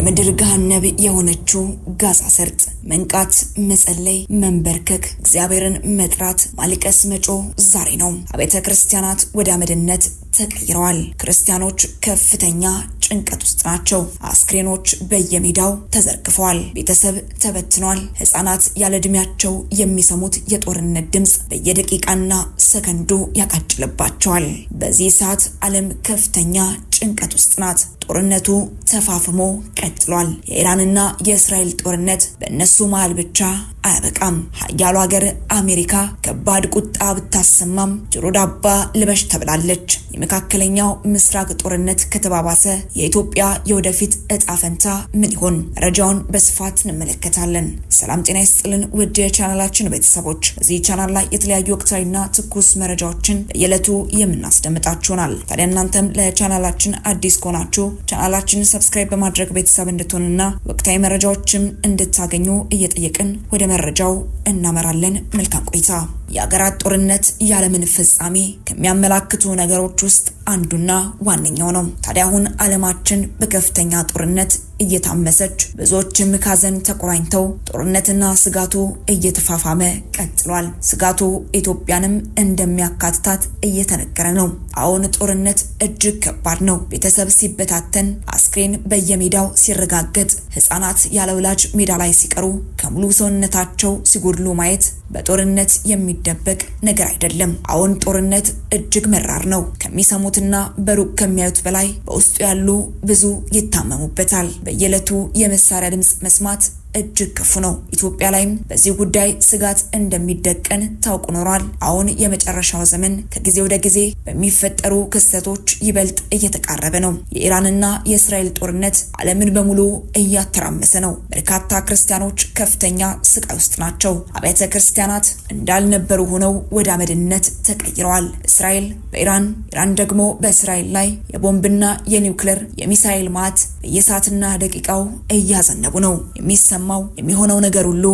የምድር ገሃነብ የሆነችው ጋዛ ሰርጥ መንቃት፣ መጸለይ፣ መንበርከክ፣ እግዚአብሔርን መጥራት፣ ማልቀስ፣ መጮ ዛሬ ነው። አቤተ ክርስቲያናት ወደ አመድነት ተቀይረዋል። ክርስቲያኖች ከፍተኛ ጭንቀት ውስጥ ናቸው። አስክሬኖች በየሜዳው ተዘርግፈዋል። ቤተሰብ ተበትኗል። ሕፃናት ያለ እድሜያቸው የሚሰሙት የጦርነት ድምፅ በየደቂቃና ሰከንዱ ያቃጭልባቸዋል። በዚህ ሰዓት ዓለም ከፍተኛ ጭንቀት ውስጥ ናት። ጦርነቱ ተፋፍሞ ቀጥሏል። የኢራንና የእስራኤል ጦርነት በእነሱ መሃል ብቻ አያበቃም። ሀያሉ ሀገር አሜሪካ ከባድ ቁጣ ብታሰማም ጆሮ ዳባ ልበሽ ተብላለች። የመካከለኛው ምስራቅ ጦርነት ከተባባሰ የኢትዮጵያ የወደፊት እጣ ፈንታ ምን ይሆን? መረጃውን በስፋት እንመለከታለን። ሰላም ጤና ይስጥልን ውድ የቻናላችን ቤተሰቦች፣ እዚህ ቻናል ላይ የተለያዩ ወቅታዊና ትኩስ ትኩስ መረጃዎችን የዕለቱ የምናስደምጣችሁናል። ታዲያ እናንተም ለቻናላችን አዲስ ከሆናችሁ ቻናላችን ሰብስክራይብ በማድረግ ቤተሰብ እንድትሆንና ወቅታዊ መረጃዎችም እንድታገኙ እየጠየቅን ወደ መረጃው እናመራለን። መልካም ቆይታ። የአገራት ጦርነት ያለምን ፍጻሜ ከሚያመላክቱ ነገሮች ውስጥ አንዱና ዋነኛው ነው። ታዲያ አሁን ዓለማችን በከፍተኛ ጦርነት እየታመሰች ብዙዎችም ካዘን ተቆራኝተው ጦርነትና ስጋቱ እየተፋፋመ ቀጥሏል። ስጋቱ ኢትዮጵያንም እንደሚያካትታት እየተነገረ ነው። አሁን ጦርነት እጅግ ከባድ ነው። ቤተሰብ ሲበታተን አስክሬን በየሜዳው ሲረጋገጥ፣ ህጻናት ያለ ወላጅ ሜዳ ላይ ሲቀሩ ከሙሉ ሰውነታቸው ሲጎድሉ ማየት በጦርነት የሚደበቅ ነገር አይደለም። አሁን ጦርነት እጅግ መራር ነው። ከሚሰሙትና በሩቅ ከሚያዩት በላይ በውስጡ ያሉ ብዙ ይታመሙበታል። በየዕለቱ የመሳሪያ ድምፅ መስማት እጅግ ክፉ ነው። ኢትዮጵያ ላይም በዚህ ጉዳይ ስጋት እንደሚደቀን ታውቁ ኖሯል። አሁን የመጨረሻው ዘመን ከጊዜ ወደ ጊዜ በሚፈጠሩ ክስተቶች ይበልጥ እየተቃረበ ነው። የኢራንና የእስራኤል ጦርነት ዓለምን በሙሉ እያተራመሰ ነው። በርካታ ክርስቲያኖች ከፍተኛ ስቃይ ውስጥ ናቸው። አብያተ ክርስቲያናት እንዳልነበሩ ሆነው ወደ አመድነት ተቀይረዋል። እስራኤል በኢራን ኢራን ደግሞ በእስራኤል ላይ የቦምብና የኒውክሌር የሚሳኤል ማት በየሰዓትና ደቂቃው እያዘነቡ ነው የሚሰ ሲሰማው የሚሆነው ነገር ሁሉ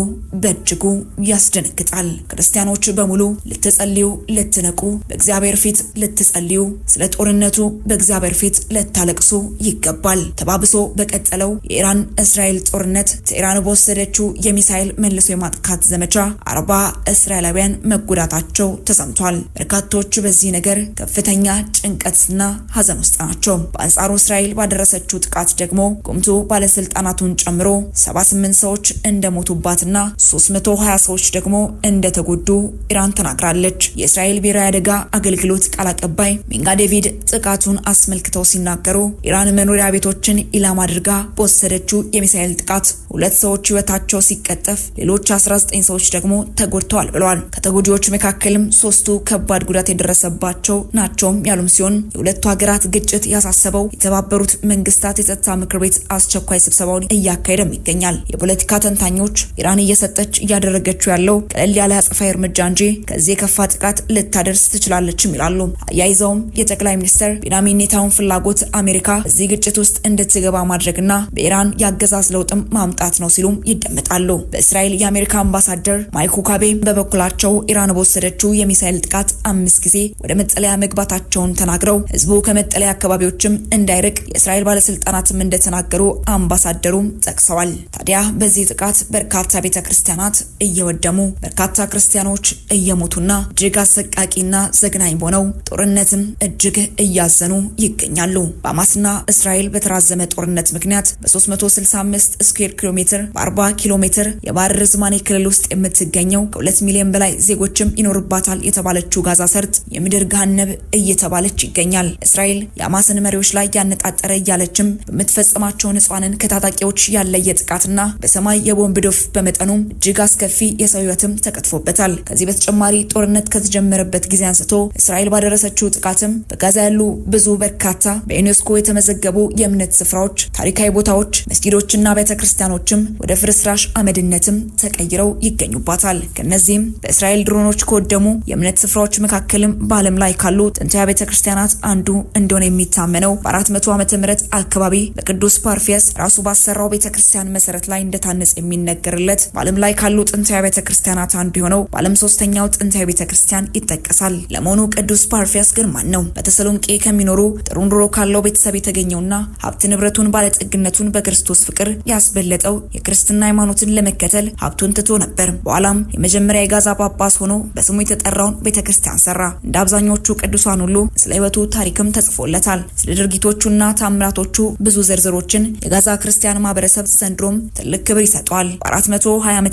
በእጅጉ ያስደነግጣል። ክርስቲያኖች በሙሉ ልትጸልዩ፣ ልትነቁ፣ በእግዚአብሔር ፊት ልትጸልዩ፣ ስለ ጦርነቱ በእግዚአብሔር ፊት ልታለቅሱ ይገባል። ተባብሶ በቀጠለው የኢራን እስራኤል ጦርነት ቴህራን በወሰደችው የሚሳኤል መልሶ የማጥቃት ዘመቻ አርባ እስራኤላውያን መጎዳታቸው ተሰምቷል። በርካቶች በዚህ ነገር ከፍተኛ ጭንቀትና ሀዘን ውስጥ ናቸው። በአንጻሩ እስራኤል ባደረሰችው ጥቃት ደግሞ ጉምቱ ባለስልጣናቱን ጨምሮ 78 ሰዎች እንደሞቱባትና 320 ሰዎች ደግሞ እንደተጎዱ ኢራን ተናግራለች። የእስራኤል ብሔራዊ አደጋ አገልግሎት ቃል አቀባይ ሚንጋ ዴቪድ ጥቃቱን አስመልክተው ሲናገሩ ኢራን መኖሪያ ቤቶችን ኢላማ አድርጋ በወሰደችው የሚሳኤል ጥቃት ሁለት ሰዎች ህይወታቸው ሲቀጠፍ ሌሎች 19 ሰዎች ደግሞ ተጎድተዋል ብለዋል። ከተጎጂዎች መካከልም ሶስቱ ከባድ ጉዳት የደረሰባቸው ናቸውም ያሉም ሲሆን የሁለቱ ሀገራት ግጭት ያሳሰበው የተባበሩት መንግስታት የጸጥታ ምክር ቤት አስቸኳይ ስብሰባውን እያካሄደም ይገኛል። የፖለቲካ ተንታኞች ኢራን እየሰጠች እያደረገችው ያለው ቀለል ያለ አጸፋዊ እርምጃ እንጂ ከዚህ የከፋ ጥቃት ልታደርስ ትችላለችም ይላሉ። አያይዘውም የጠቅላይ ሚኒስትር ቢናሚን ኔታውን ፍላጎት አሜሪካ እዚህ ግጭት ውስጥ እንድትገባ ማድረግና በኢራን የአገዛዝ ለውጥም ማምጣት ነው ሲሉም ይደመጣሉ። በእስራኤል የአሜሪካ አምባሳደር ማይክ ሁካቤ በበኩላቸው ኢራን በወሰደችው የሚሳይል ጥቃት አምስት ጊዜ ወደ መጠለያ መግባታቸውን ተናግረው ህዝቡ ከመጠለያ አካባቢዎችም እንዳይርቅ የእስራኤል ባለስልጣናትም እንደተናገሩ አምባሳደሩም ጠቅሰዋል። ታዲያ በዚህ ጥቃት በርካታ ቤተ ክርስቲያናት እየወደሙ በርካታ ክርስቲያኖች እየሞቱና እጅግ አሰቃቂና ዘግናኝ በሆነው ጦርነትም እጅግ እያዘኑ ይገኛሉ። በሐማስና እስራኤል በተራዘመ ጦርነት ምክንያት በ365 ስኩዌር ኪሎ ሜትር በ40 ኪሎ ሜትር የባህር ርዝማኔ ክልል ውስጥ የምትገኘው ከ2 ሚሊዮን በላይ ዜጎችም ይኖርባታል የተባለችው ጋዛ ሰርጥ የምድር ገሃነብ እየተባለች ይገኛል። እስራኤል የሐማስን መሪዎች ላይ ያነጣጠረ እያለችም በምትፈጽማቸው ንጹሃንን ከታጣቂዎች ያለየ ጥቃትና በሰማይ የቦምብ ዶፍ በመጠኑም እጅግ አስከፊ የሰው ህይወትም ተቀጥፎበታል። ከዚህ በተጨማሪ ጦርነት ከተጀመረበት ጊዜ አንስቶ እስራኤል ባደረሰችው ጥቃትም በጋዛ ያሉ ብዙ በርካታ በዩኔስኮ የተመዘገቡ የእምነት ስፍራዎች፣ ታሪካዊ ቦታዎች፣ መስጊዶችና ቤተ ክርስቲያኖችም ወደ ፍርስራሽ አመድነትም ተቀይረው ይገኙባታል። ከእነዚህም በእስራኤል ድሮኖች ከወደሙ የእምነት ስፍራዎች መካከልም በዓለም ላይ ካሉ ጥንታዊ ቤተ ክርስቲያናት አንዱ እንደሆነ የሚታመነው በ400 ዓመተ ምህረት አካባቢ በቅዱስ ፓርፊያስ ራሱ ባሰራው ቤተ ክርስቲያን መሰረት ላይ እንደታነጽ የሚነገርለት በዓለም ላይ ካሉ ጥንታዊ ቤተ ክርስቲያናት አንዱ የሆነው በዓለም ሶስተኛው ጥንታዊ ቤተ ክርስቲያን ይጠቀሳል። ለመሆኑ ቅዱስ ፓርፊያስ ግን ማን ነው? በተሰሎንቄ ከሚኖሩ ጥሩ ኑሮ ካለው ቤተሰብ የተገኘውና ሀብት ንብረቱን ባለጠግነቱን በክርስቶስ ፍቅር ያስበለጠው የክርስትና ሃይማኖትን ለመከተል ሀብቱን ትቶ ነበር። በኋላም የመጀመሪያ የጋዛ ጳጳስ ሆኖ በስሙ የተጠራውን ቤተ ክርስቲያን ሰራ። እንደ አብዛኞቹ ቅዱሳን ሁሉ ስለ ህይወቱ ታሪክም ተጽፎለታል። ስለ ድርጊቶቹና ታምራቶቹ ብዙ ዝርዝሮችን የጋዛ ክርስቲያን ማህበረሰብ ዘንድሮም ትልቅ ትልቅ ክብር ይሰጠዋል። በ420 ዓ ም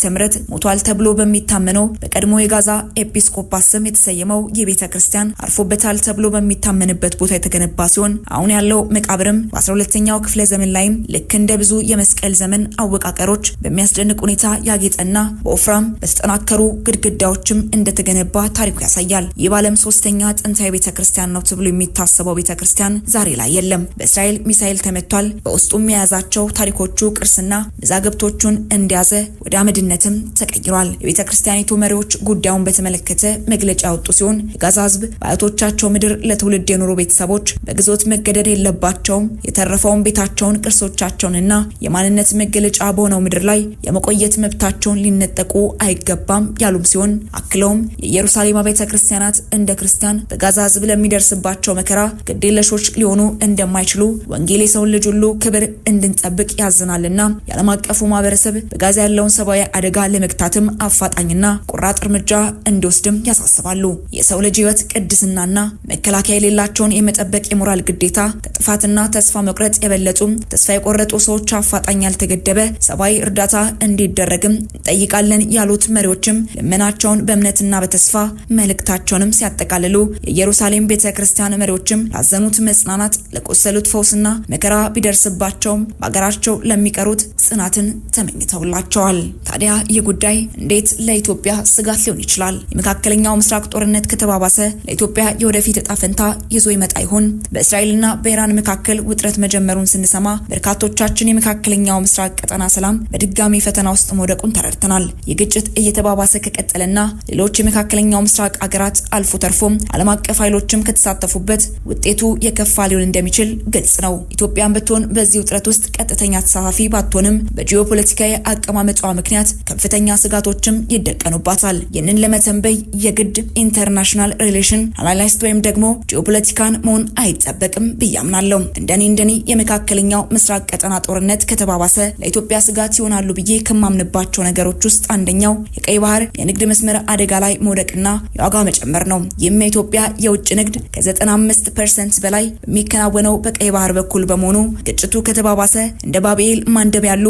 ሞቷል ተብሎ በሚታመነው በቀድሞ የጋዛ ኤጲስቆጳስ ስም የተሰየመው ይህ ቤተ ክርስቲያን አርፎበታል ተብሎ በሚታመንበት ቦታ የተገነባ ሲሆን አሁን ያለው መቃብርም በ12ኛው ክፍለ ዘመን ላይም ልክ እንደ ብዙ የመስቀል ዘመን አወቃቀሮች በሚያስደንቅ ሁኔታ ያጌጠና በወፍራም በተጠናከሩ ግድግዳዎችም እንደተገነባ ታሪኩ ያሳያል። ይህ በዓለም ሶስተኛ ጥንታዊ ቤተ ክርስቲያን ነው ተብሎ የሚታሰበው ቤተ ክርስቲያን ዛሬ ላይ የለም። በእስራኤል ሚሳኤል ተመቷል። በውስጡም የያዛቸው ታሪኮቹ ቅርስና መዛግብ መብቶቹን እንደያዘ ወደ አመድነትም ተቀይሯል። የቤተ ክርስቲያኒቱ መሪዎች ጉዳዩን በተመለከተ መግለጫ ያወጡ ሲሆን የጋዛ ህዝብ በአያቶቻቸው ምድር ለትውልድ የኖሩ ቤተሰቦች በግዞት መገደል የለባቸውም፣ የተረፈውን ቤታቸውን፣ ቅርሶቻቸውንና የማንነት መገለጫ በሆነው ምድር ላይ የመቆየት መብታቸውን ሊነጠቁ አይገባም ያሉም ሲሆን አክለውም የኢየሩሳሌም ቤተ ክርስቲያናት እንደ ክርስቲያን በጋዛ ህዝብ ለሚደርስባቸው መከራ ግዴለሾች ሊሆኑ እንደማይችሉ ወንጌል የሰውን ልጅ ሁሉ ክብር እንድንጠብቅ ያዝናልና የዓለም አቀፉ አቀፉ ማህበረሰብ በጋዛ ያለውን ሰብአዊ አደጋ ለመግታትም አፋጣኝና ቁራጥ እርምጃ እንዲወስድም ያሳስባሉ። የሰው ልጅ ህይወት ቅድስናና መከላከያ የሌላቸውን የመጠበቅ የሞራል ግዴታ ከጥፋትና ተስፋ መቁረጥ የበለጡ ተስፋ የቆረጡ ሰዎች አፋጣኝ ያልተገደበ ሰብአዊ እርዳታ እንዲደረግም እንጠይቃለን ያሉት መሪዎችም ልመናቸውን በእምነትና በተስፋ መልእክታቸውንም ሲያጠቃልሉ የኢየሩሳሌም ቤተ ክርስቲያን መሪዎችም ላዘኑት መጽናናት፣ ለቆሰሉት ፈውስና መከራ ቢደርስባቸውም በሀገራቸው ለሚቀሩት ጽናትን ተመኝተውላቸዋል። ታዲያ ይህ ጉዳይ እንዴት ለኢትዮጵያ ስጋት ሊሆን ይችላል? የመካከለኛው ምስራቅ ጦርነት ከተባባሰ ለኢትዮጵያ የወደፊት እጣ ፈንታ ይዞ ይመጣ ይሆን? በእስራኤልና በኢራን መካከል ውጥረት መጀመሩን ስንሰማ በርካቶቻችን የመካከለኛው ምስራቅ ቀጠና ሰላም በድጋሚ ፈተና ውስጥ መውደቁን ተረድተናል። ይህ ግጭት እየተባባሰ ከቀጠለና ሌሎች የመካከለኛው ምስራቅ አገራት አልፎ ተርፎም ዓለም አቀፍ ኃይሎችም ከተሳተፉበት ውጤቱ የከፋ ሊሆን እንደሚችል ግልጽ ነው። ኢትዮጵያን ብትሆን በዚህ ውጥረት ውስጥ ቀጥተኛ ተሳታፊ ባትሆንም በጂኦ በጂኦፖለቲካዊ አቀማመጧ ምክንያት ከፍተኛ ስጋቶችም ይደቀኑባታል። ይህንን ለመተንበይ የግድ ኢንተርናሽናል ሪሌሽን አናላይስት ወይም ደግሞ ጂኦፖለቲካን መሆን አይጠበቅም ብያምናለሁ። እንደኔ እንደኔ የመካከለኛው ምስራቅ ቀጠና ጦርነት ከተባባሰ ለኢትዮጵያ ስጋት ይሆናሉ ብዬ ከማምንባቸው ነገሮች ውስጥ አንደኛው የቀይ ባህር የንግድ መስመር አደጋ ላይ መውደቅና የዋጋ መጨመር ነው። ይህም የኢትዮጵያ የውጭ ንግድ ከ95 ፐርሰንት በላይ በሚከናወነው በቀይ ባህር በኩል በመሆኑ ግጭቱ ከተባባሰ እንደ ባብኤል ማንደብ ያሉ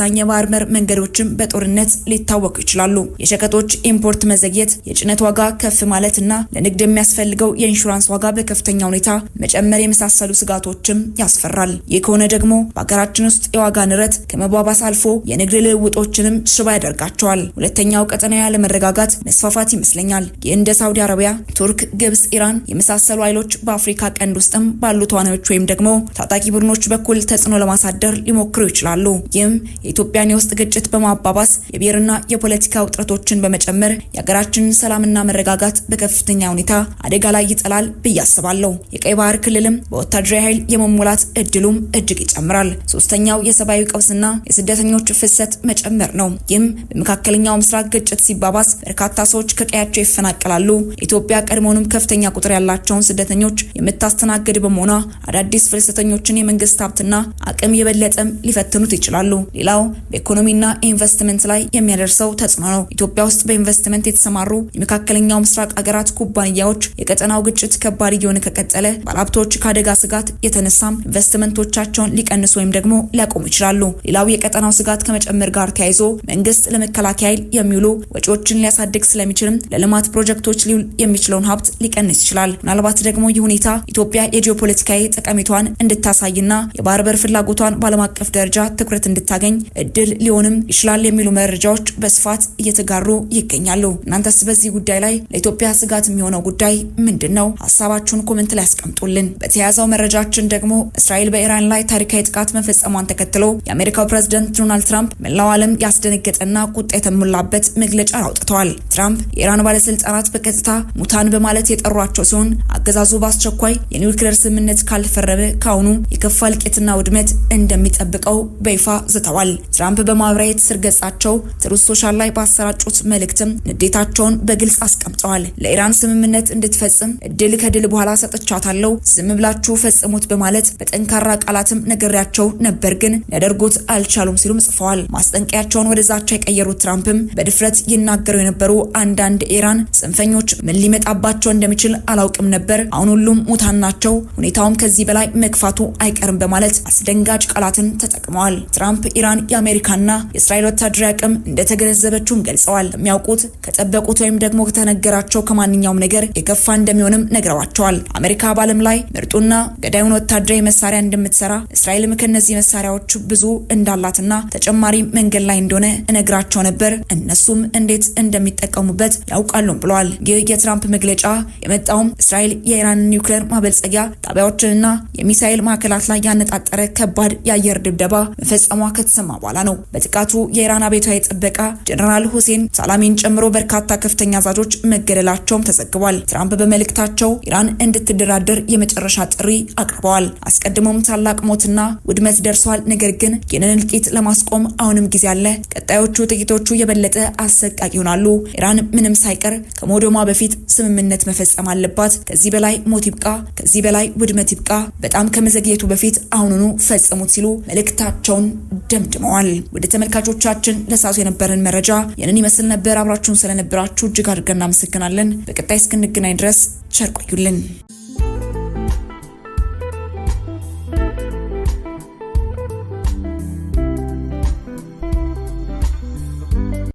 ወሳኝ የባህር በር መንገዶችም በጦርነት ሊታወቁ ይችላሉ። የሸቀጦች ኢምፖርት መዘግየት፣ የጭነት ዋጋ ከፍ ማለትና ለንግድ የሚያስፈልገው የኢንሹራንስ ዋጋ በከፍተኛ ሁኔታ መጨመር የመሳሰሉ ስጋቶችም ያስፈራል። ይህ ከሆነ ደግሞ በሀገራችን ውስጥ የዋጋ ንረት ከመባባስ አልፎ የንግድ ልውውጦችንም ሽባ ያደርጋቸዋል። ሁለተኛው ቀጠናዊ አለመረጋጋት መስፋፋት ይመስለኛል። ይህ እንደ ሳውዲ አረቢያ፣ ቱርክ፣ ግብጽ፣ ኢራን የመሳሰሉ ኃይሎች በአፍሪካ ቀንድ ውስጥም ባሉ ተዋናዮች ወይም ደግሞ ታጣቂ ቡድኖች በኩል ተጽዕኖ ለማሳደር ሊሞክሩ ይችላሉ። ይህም የኢትዮጵያን የውስጥ ግጭት በማባባስ የብሔርና የፖለቲካ ውጥረቶችን በመጨመር የሀገራችንን ሰላምና መረጋጋት በከፍተኛ ሁኔታ አደጋ ላይ ይጥላል ብዬ አስባለሁ። የቀይ ባህር ክልልም በወታደራዊ ኃይል የመሙላት እድሉም እጅግ ይጨምራል። ሶስተኛው የሰብአዊ ቀውስና የስደተኞች ፍሰት መጨመር ነው። ይህም በመካከለኛው ምስራቅ ግጭት ሲባባስ በርካታ ሰዎች ከቀያቸው ይፈናቀላሉ። ኢትዮጵያ ቀድሞውንም ከፍተኛ ቁጥር ያላቸውን ስደተኞች የምታስተናግድ በመሆኗ አዳዲስ ፍልሰተኞችን የመንግስት ሀብትና አቅም የበለጠም ሊፈትኑት ይችላሉ። ሌላው ሌላው በኢኮኖሚና ኢንቨስትመንት ላይ የሚያደርሰው ተጽዕኖ ነው። ኢትዮጵያ ውስጥ በኢንቨስትመንት የተሰማሩ የመካከለኛው ምስራቅ አገራት ኩባንያዎች የቀጠናው ግጭት ከባድ እየሆነ ከቀጠለ ባለሀብቶች ከአደጋ ስጋት የተነሳም ኢንቨስትመንቶቻቸውን ሊቀንሱ ወይም ደግሞ ሊያቆሙ ይችላሉ። ሌላው የቀጠናው ስጋት ከመጨመር ጋር ተያይዞ መንግስት ለመከላከያ ኃይል የሚውሉ ወጪዎችን ሊያሳድግ ስለሚችልም ለልማት ፕሮጀክቶች ሊውል የሚችለውን ሀብት ሊቀንስ ይችላል። ምናልባት ደግሞ ይህ ሁኔታ ኢትዮጵያ የጂኦፖለቲካዊ ጠቀሜቷን እንድታሳይና የባህር በር ፍላጎቷን በዓለም አቀፍ ደረጃ ትኩረት እንድታገኝ እድል ሊሆንም ይችላል የሚሉ መረጃዎች በስፋት እየተጋሩ ይገኛሉ። እናንተስ በዚህ ጉዳይ ላይ ለኢትዮጵያ ስጋት የሚሆነው ጉዳይ ምንድን ነው? ሀሳባችሁን ኮመንት ላይ ያስቀምጡልን። በተያያዘው መረጃችን ደግሞ እስራኤል በኢራን ላይ ታሪካዊ ጥቃት መፈጸሟን ተከትሎ የአሜሪካው ፕሬዝደንት ዶናልድ ትራምፕ መላው ዓለም ያስደነገጠና ቁጣ የተሞላበት መግለጫ አውጥተዋል። ትራምፕ የኢራን ባለስልጣናት በቀጥታ ሙታን በማለት የጠሯቸው ሲሆን አገዛዙ በአስቸኳይ የኒውክሌር ስምምነት ካልፈረመ ካሁኑ የከፋ እልቂትና ውድመት እንደሚጠብቀው በይፋ ዝተዋል። ገልጸዋል። ትራምፕ በማህበራዊ ትስስር ገጻቸው ትሩዝ ሶሻል ላይ ባሰራጩት መልእክትም ንዴታቸውን በግልጽ አስቀምጠዋል። ለኢራን ስምምነት እንድትፈጽም እድል ከድል በኋላ ሰጥቻታለሁ፣ ዝም ብላችሁ ፈጽሙት በማለት በጠንካራ ቃላትም ነግሬያቸው ነበር፣ ግን ሊያደርጉት አልቻሉም ሲሉም ጽፈዋል። ማስጠንቀቂያቸውን ወደ ዛቻ የቀየሩት ትራምፕም በድፍረት ይናገሩ የነበሩ አንዳንድ ኢራን ጽንፈኞች ምን ሊመጣባቸው እንደሚችል አላውቅም ነበር፣ አሁን ሁሉም ሙታን ናቸው፣ ሁኔታውም ከዚህ በላይ መግፋቱ አይቀርም በማለት አስደንጋጭ ቃላትን ተጠቅመዋል። ትራምፕ ኢራን ኢራን የአሜሪካና የእስራኤል ወታደራዊ አቅም እንደተገነዘበችውም ገልጸዋል። የሚያውቁት ከጠበቁት ወይም ደግሞ ከተነገራቸው ከማንኛውም ነገር የከፋ እንደሚሆንም ነግረዋቸዋል። አሜሪካ በዓለም ላይ ምርጡና ገዳዩን ወታደራዊ መሳሪያ እንደምትሰራ እስራኤልም ከነዚህ መሳሪያዎች ብዙ እንዳላትና ተጨማሪ መንገድ ላይ እንደሆነ እነግራቸው ነበር። እነሱም እንዴት እንደሚጠቀሙበት ያውቃሉም ብለዋል። ይህ የትራምፕ መግለጫ የመጣውም እስራኤል የኢራን ኒውክሌር ማበልጸጊያ ጣቢያዎችንና የሚሳኤል ማዕከላት ላይ ያነጣጠረ ከባድ የአየር ድብደባ መፈጸሟ ከተሰማ ከተሰማ በኋላ ነው። በጥቃቱ የኢራን አብዮታዊ ጥበቃ ጀነራል ሁሴን ሳላሚን ጨምሮ በርካታ ከፍተኛ አዛዦች መገደላቸውም ተዘግቧል። ትራምፕ በመልእክታቸው ኢራን እንድትደራደር የመጨረሻ ጥሪ አቅርበዋል። አስቀድሞም ታላቅ ሞትና ውድመት ደርሷል፣ ነገር ግን ይህንን እልቂት ለማስቆም አሁንም ጊዜ አለ። ቀጣዮቹ ጥቂቶቹ የበለጠ አሰቃቂ ይሆናሉ። ኢራን ምንም ሳይቀር ከሞዶማ በፊት ስምምነት መፈጸም አለባት። ከዚህ በላይ ሞት ይብቃ፣ ከዚህ በላይ ውድመት ይብቃ። በጣም ከመዘግየቱ በፊት አሁኑኑ ፈጽሙት ሲሉ መልእክታቸውን ደምድመዋል። ወደ ተመልካቾቻችን ለሳቱ የነበረን መረጃ ይህንን ይመስል ነበር። አብራችሁን ስለነበራችሁ እጅግ አድርገን እናመሰግናለን። በቀጣይ እስክንገናኝ ድረስ ቸር ቆዩልን።